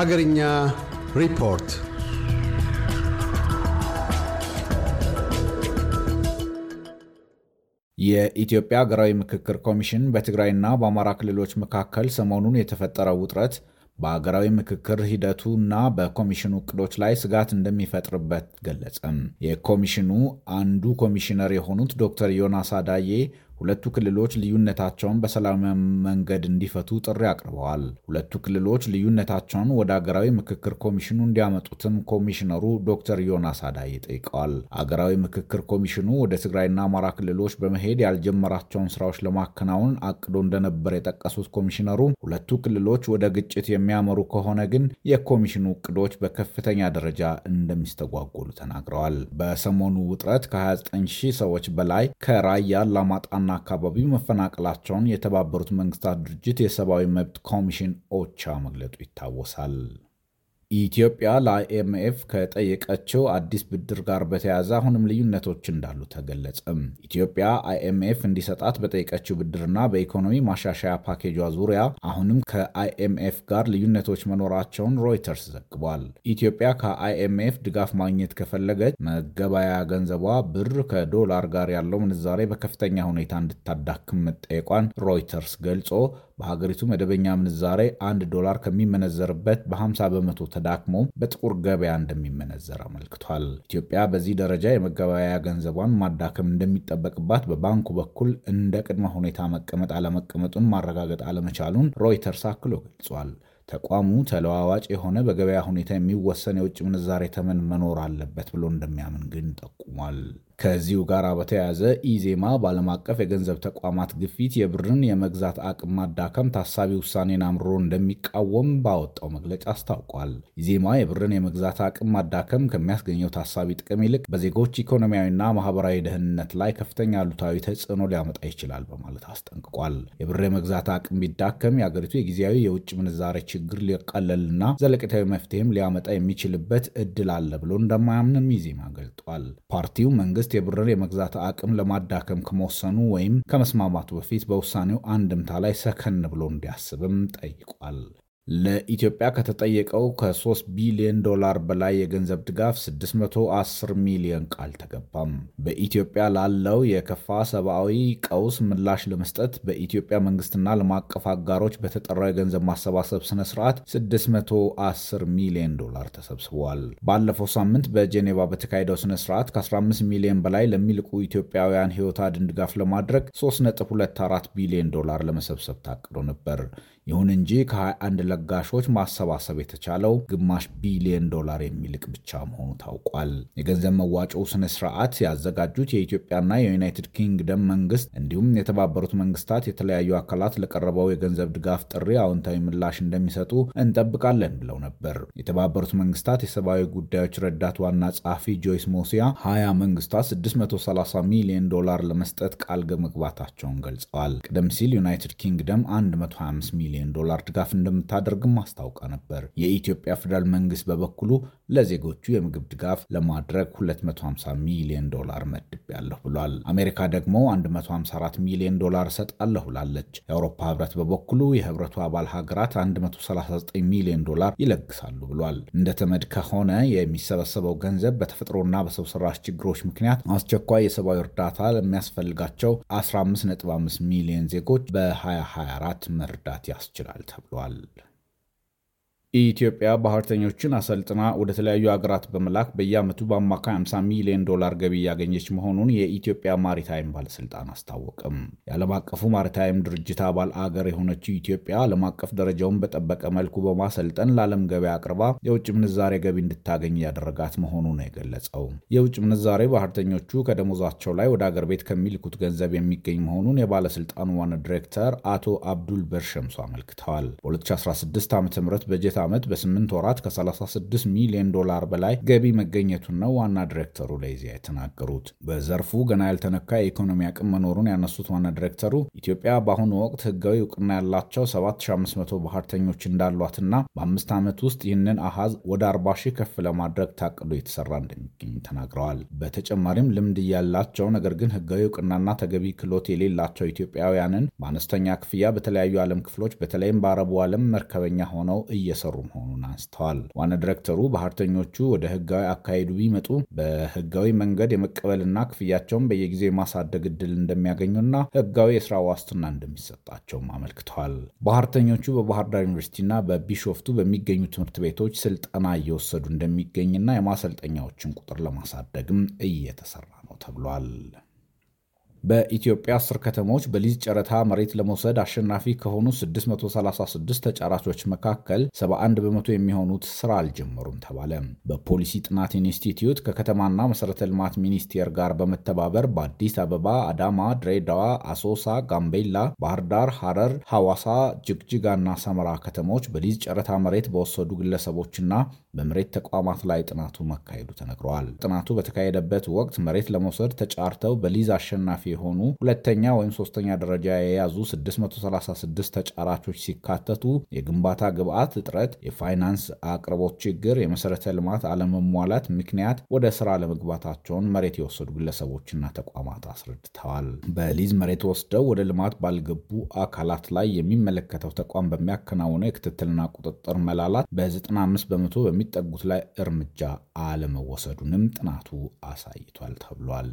Hagarinya report. የኢትዮጵያ ሀገራዊ ምክክር ኮሚሽን በትግራይና በአማራ ክልሎች መካከል ሰሞኑን የተፈጠረው ውጥረት በሀገራዊ ምክክር ሂደቱ እና በኮሚሽኑ እቅዶች ላይ ስጋት እንደሚፈጥርበት ገለጸም። የኮሚሽኑ አንዱ ኮሚሽነር የሆኑት ዶክተር ዮናስ አዳዬ ሁለቱ ክልሎች ልዩነታቸውን በሰላማዊ መንገድ እንዲፈቱ ጥሪ አቅርበዋል። ሁለቱ ክልሎች ልዩነታቸውን ወደ አገራዊ ምክክር ኮሚሽኑ እንዲያመጡትም ኮሚሽነሩ ዶክተር ዮናስ አዳይ ጠይቀዋል። አገራዊ ምክክር ኮሚሽኑ ወደ ትግራይና አማራ ክልሎች በመሄድ ያልጀመራቸውን ስራዎች ለማከናወን አቅዶ እንደነበር የጠቀሱት ኮሚሽነሩ ሁለቱ ክልሎች ወደ ግጭት የሚያመሩ ከሆነ ግን የኮሚሽኑ እቅዶች በከፍተኛ ደረጃ እንደሚስተጓጎሉ ተናግረዋል። በሰሞኑ ውጥረት ከ29 ሺህ ሰዎች በላይ ከራያ ላማጣና አካባቢ መፈናቀላቸውን የተባበሩት መንግስታት ድርጅት የሰብአዊ መብት ኮሚሽን ኦቻ መግለጡ ይታወሳል። ኢትዮጵያ ለአይኤምኤፍ ከጠየቀችው አዲስ ብድር ጋር በተያያዘ አሁንም ልዩነቶች እንዳሉ ተገለጸም። ኢትዮጵያ አይኤምኤፍ እንዲሰጣት በጠየቀችው ብድርና በኢኮኖሚ ማሻሻያ ፓኬጇ ዙሪያ አሁንም ከአይኤምኤፍ ጋር ልዩነቶች መኖራቸውን ሮይተርስ ዘግቧል። ኢትዮጵያ ከአይኤምኤፍ ድጋፍ ማግኘት ከፈለገች መገበያያ ገንዘቧ ብር ከዶላር ጋር ያለው ምንዛሬ በከፍተኛ ሁኔታ እንድታዳክም መጠየቋን ሮይተርስ ገልጾ በሀገሪቱ መደበኛ ምንዛሬ አንድ ዶላር ከሚመነዘርበት በ50 በመቶ ተዳክሞ በጥቁር ገበያ እንደሚመነዘር አመልክቷል። ኢትዮጵያ በዚህ ደረጃ የመገበያያ ገንዘቧን ማዳከም እንደሚጠበቅባት በባንኩ በኩል እንደ ቅድመ ሁኔታ መቀመጥ አለመቀመጡን ማረጋገጥ አለመቻሉን ሮይተርስ አክሎ ገልጿል። ተቋሙ ተለዋዋጭ የሆነ በገበያ ሁኔታ የሚወሰን የውጭ ምንዛሬ ተመን መኖር አለበት ብሎ እንደሚያምን ግን ጠቁሟል። ከዚሁ ጋር በተያያዘ ኢዜማ በዓለም አቀፍ የገንዘብ ተቋማት ግፊት የብርን የመግዛት አቅም ማዳከም ታሳቢ ውሳኔን አምሮ እንደሚቃወም ባወጣው መግለጫ አስታውቋል። ኢዜማ የብርን የመግዛት አቅም ማዳከም ከሚያስገኘው ታሳቢ ጥቅም ይልቅ በዜጎች ኢኮኖሚያዊና ማህበራዊ ደህንነት ላይ ከፍተኛ አሉታዊ ተጽዕኖ ሊያመጣ ይችላል በማለት አስጠንቅቋል። የብር የመግዛት አቅም ቢዳከም የአገሪቱ የጊዜያዊ የውጭ ምንዛሬ ችግር ሊቀለልና ዘለቅታዊ መፍትሄም ሊያመጣ የሚችልበት እድል አለ ብሎ እንደማያምንም ኢዜማ ገልጧል። ፓርቲው መንግስት መንግስት የብርን የመግዛት አቅም ለማዳከም ከመወሰኑ ወይም ከመስማማቱ በፊት በውሳኔው አንድምታ ላይ ሰከን ብሎ እንዲያስብም ጠይቋል። ለኢትዮጵያ ከተጠየቀው ከ3 ቢሊዮን ዶላር በላይ የገንዘብ ድጋፍ 610 ሚሊዮን ቃል ተገባም። በኢትዮጵያ ላለው የከፋ ሰብአዊ ቀውስ ምላሽ ለመስጠት በኢትዮጵያ መንግስትና ዓለም አቀፍ አጋሮች በተጠራው የገንዘብ ማሰባሰብ ስነ ስርዓት 610 ሚሊዮን ዶላር ተሰብስቧል። ባለፈው ሳምንት በጄኔቫ በተካሄደው ስነ ስርዓት ከ15 ሚሊዮን በላይ ለሚልቁ ኢትዮጵያውያን ህይወት አድን ድጋፍ ለማድረግ 3.24 ቢሊዮን ዶላር ለመሰብሰብ ታቅዶ ነበር። ይሁን እንጂ ከ21 ለጋሾች ማሰባሰብ የተቻለው ግማሽ ቢሊዮን ዶላር የሚልቅ ብቻ መሆኑ ታውቋል። የገንዘብ መዋጮው ስነ ስርዓት ያዘጋጁት የኢትዮጵያና የዩናይትድ ኪንግደም መንግስት እንዲሁም የተባበሩት መንግስታት የተለያዩ አካላት ለቀረበው የገንዘብ ድጋፍ ጥሪ አዎንታዊ ምላሽ እንደሚሰጡ እንጠብቃለን ብለው ነበር። የተባበሩት መንግስታት የሰብአዊ ጉዳዮች ረዳት ዋና ጸሐፊ ጆይስ ሞሲያ ሀያ መንግስታት 630 ሚሊዮን ዶላር ለመስጠት ቃል መግባታቸውን ገልጸዋል። ቀደም ሲል ዩናይትድ ኪንግደም 125 ሚሊዮን ዶላር ድጋፍ እንደምታ እንደምታደርግም አስታውቃ ነበር። የኢትዮጵያ ፌዴራል መንግስት በበኩሉ ለዜጎቹ የምግብ ድጋፍ ለማድረግ 250 ሚሊዮን ዶላር መድቤያለሁ ብሏል። አሜሪካ ደግሞ 154 ሚሊዮን ዶላር እሰጣለሁ ብላለች። የአውሮፓ ህብረት በበኩሉ የህብረቱ አባል ሀገራት 139 ሚሊዮን ዶላር ይለግሳሉ ብሏል። እንደ ተመድ ከሆነ የሚሰበሰበው ገንዘብ በተፈጥሮና በሰው ሰራሽ ችግሮች ምክንያት አስቸኳይ የሰብአዊ እርዳታ ለሚያስፈልጋቸው 15.5 ሚሊዮን ዜጎች በ2024 መርዳት ያስችላል ተብሏል። ኢትዮጵያ ባህርተኞችን አሰልጥና ወደ ተለያዩ ሀገራት በመላክ በየዓመቱ በአማካይ 50 ሚሊዮን ዶላር ገቢ እያገኘች መሆኑን የኢትዮጵያ ማሪታይም ባለስልጣን አስታወቅም። የዓለም አቀፉ ማሪታይም ድርጅት አባል አገር የሆነችው ኢትዮጵያ ዓለም አቀፍ ደረጃውን በጠበቀ መልኩ በማሰልጠን ለዓለም ገበያ አቅርባ የውጭ ምንዛሬ ገቢ እንድታገኝ እያደረጋት መሆኑ ነው የገለጸው። የውጭ ምንዛሬ ባህርተኞቹ ከደሞዛቸው ላይ ወደ አገር ቤት ከሚልኩት ገንዘብ የሚገኝ መሆኑን የባለስልጣኑ ዋና ዲሬክተር አቶ አብዱል በር ሸምሶ አመልክተዋል። በ2016 ዓ ም በጀት ዓመት በ8 ወራት ከ36 ሚሊዮን ዶላር በላይ ገቢ መገኘቱን ነው ዋና ዲሬክተሩ ለኢዜአ የተናገሩት። በዘርፉ ገና ያልተነካ የኢኮኖሚ አቅም መኖሩን ያነሱት ዋና ዲሬክተሩ ኢትዮጵያ በአሁኑ ወቅት ህጋዊ እውቅና ያላቸው 7500 ባህርተኞች እንዳሏትና በአምስት ዓመት ውስጥ ይህንን አሃዝ ወደ 40 ሺህ ከፍ ለማድረግ ታቅዶ የተሰራ እንደሚገኝ ተናግረዋል። በተጨማሪም ልምድ እያላቸው ነገር ግን ህጋዊ እውቅናና ተገቢ ክህሎት የሌላቸው ኢትዮጵያውያንን በአነስተኛ ክፍያ በተለያዩ ዓለም ክፍሎች በተለይም በአረቡ ዓለም መርከበኛ ሆነው እየሰሩ እየሰሩ መሆኑን አንስተዋል። ዋና ዲሬክተሩ ባህርተኞቹ ወደ ህጋዊ አካሄዱ ቢመጡ በህጋዊ መንገድ የመቀበልና ክፍያቸውን በየጊዜው የማሳደግ እድል እንደሚያገኙና ህጋዊ የስራ ዋስትና እንደሚሰጣቸውም አመልክተዋል። ባህርተኞቹ በባህር ዳር ዩኒቨርሲቲና በቢሾፍቱ በሚገኙ ትምህርት ቤቶች ስልጠና እየወሰዱ እንደሚገኝና የማሰልጠኛዎችን ቁጥር ለማሳደግም እየተሰራ ነው ተብሏል። በኢትዮጵያ አስር ከተሞች በሊዝ ጨረታ መሬት ለመውሰድ አሸናፊ ከሆኑ 636 ተጫራቾች መካከል 71 በመቶ የሚሆኑት ስራ አልጀመሩም ተባለ። በፖሊሲ ጥናት ኢንስቲትዩት ከከተማና መሰረተ ልማት ሚኒስቴር ጋር በመተባበር በአዲስ አበባ፣ አዳማ፣ ድሬዳዋ፣ አሶሳ፣ ጋምቤላ፣ ባህር ዳር፣ ሐረር፣ ሐዋሳ፣ ጅግጅጋና ሰመራ ከተሞች በሊዝ ጨረታ መሬት በወሰዱ ግለሰቦችና በመሬት ተቋማት ላይ ጥናቱ መካሄዱ ተነግረዋል። ጥናቱ በተካሄደበት ወቅት መሬት ለመውሰድ ተጫርተው በሊዝ አሸናፊ የሆኑ ሁለተኛ ወይም ሶስተኛ ደረጃ የያዙ 636 ተጫራቾች ሲካተቱ የግንባታ ግብዓት እጥረት፣ የፋይናንስ አቅርቦት ችግር፣ የመሰረተ ልማት አለመሟላት ምክንያት ወደ ስራ ለመግባታቸውን መሬት የወሰዱ ግለሰቦችና ተቋማት አስረድተዋል። በሊዝ መሬት ወስደው ወደ ልማት ባልገቡ አካላት ላይ የሚመለከተው ተቋም በሚያከናውነው የክትትልና ቁጥጥር መላላት በ95 በመቶ በሚጠጉት ላይ እርምጃ አለመወሰዱንም ጥናቱ አሳይቷል ተብሏል።